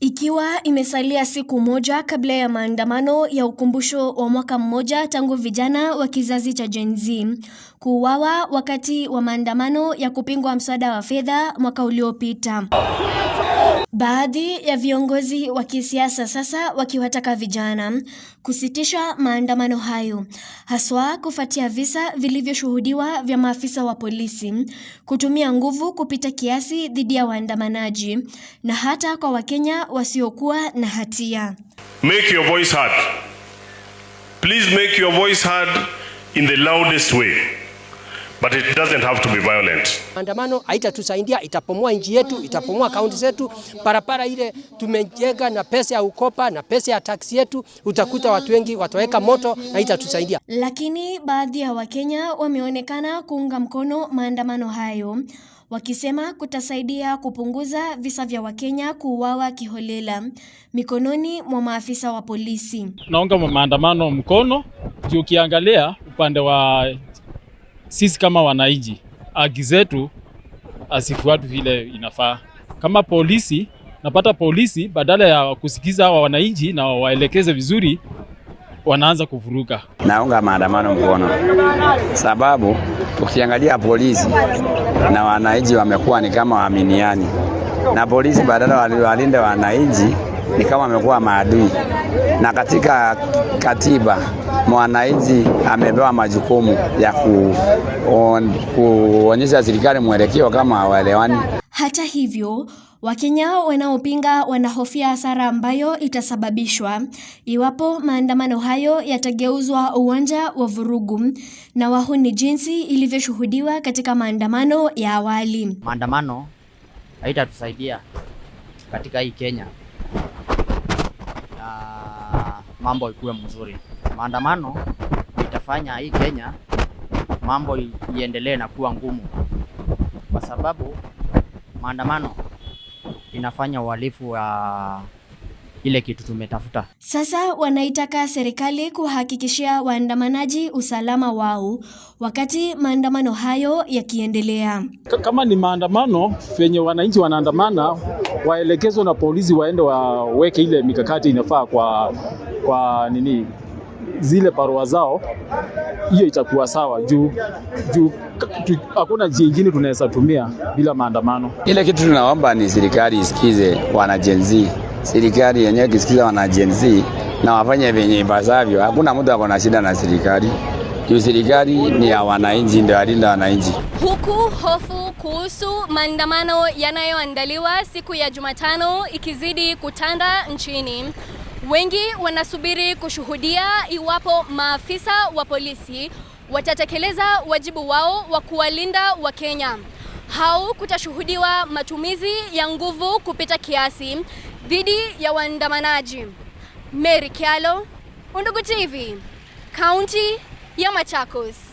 Ikiwa imesalia siku moja kabla ya maandamano ya ukumbusho wa mwaka mmoja tangu vijana wa kizazi cha Gen Z kuuawa wakati wa maandamano ya kupingwa mswada wa fedha mwaka uliopita. Baadhi ya viongozi wa kisiasa sasa wakiwataka vijana kusitisha maandamano hayo haswa kufuatia visa vilivyoshuhudiwa vya maafisa wa polisi kutumia nguvu kupita kiasi dhidi ya waandamanaji na hata kwa Wakenya wasiokuwa na hatia. Make your voice heard. Please make your voice heard in the loudest way. But it doesn't have to be violent. Maandamano haitatusaidia, itapomoa nchi yetu, itapomoa kaunti zetu. Barabara ile tumejenga na pesa ya ukopa na pesa ya taksi yetu, utakuta watu wengi wataweka moto na itatusaidia. Lakini baadhi ya Wakenya wameonekana kuunga mkono maandamano hayo wakisema kutasaidia kupunguza visa vya Wakenya kuuawa kiholela mikononi mwa maafisa wa polisi. Naunga maandamano mkono juu, ukiangalia upande wa sisi kama wananchi, haki zetu asifuatu vile inafaa. Kama polisi, napata polisi badala ya kusikiza hawa wananchi na waelekeze vizuri, wanaanza kuvuruga. Naunga maandamano mkono, sababu ukiangalia polisi na wananchi wamekuwa ni kama waaminiani, na polisi badala walinde wananchi ni kama amekuwa maadui, na katika katiba mwananchi amepewa majukumu ya ku, kuonyesha serikali mwelekeo kama hawaelewani. Hata hivyo Wakenya wanaopinga wanahofia hasara ambayo itasababishwa iwapo maandamano hayo yatageuzwa uwanja wa vurugu na wahuni, jinsi ilivyoshuhudiwa katika maandamano ya awali. Maandamano haitatusaidia katika hii Kenya mambo ikuwe mzuri. Maandamano itafanya hii Kenya mambo iendelee na kuwa ngumu, kwa sababu maandamano inafanya uhalifu wa ile kitu tumetafuta. Sasa wanaitaka serikali kuhakikishia waandamanaji usalama wao wakati maandamano hayo yakiendelea. Kama ni maandamano venye wananchi wanaandamana, waelekezwe na polisi waende waweke ile mikakati inafaa kwa kwa nini zile barua zao, hiyo itakuwa sawa juu juu hakuna njia ingine tunaweza tumia bila maandamano. Ile kitu tunaomba ni serikali isikize wana Gen Z, serikali yenyewe kisikiza wana Gen Z na wafanye vyenye ipasavyo. Hakuna mtu ako na shida na serikali juu serikali ni ya wananchi, ndio alinda wananchi. Huku hofu kuhusu maandamano yanayoandaliwa siku ya Jumatano ikizidi kutanda nchini Wengi wanasubiri kushuhudia iwapo maafisa wa polisi watatekeleza wajibu wao wa kuwalinda Wakenya. Hau kutashuhudiwa matumizi ya nguvu kupita kiasi dhidi ya waandamanaji. Mary Kyalo, Undugu TV, kaunti ya Machakos.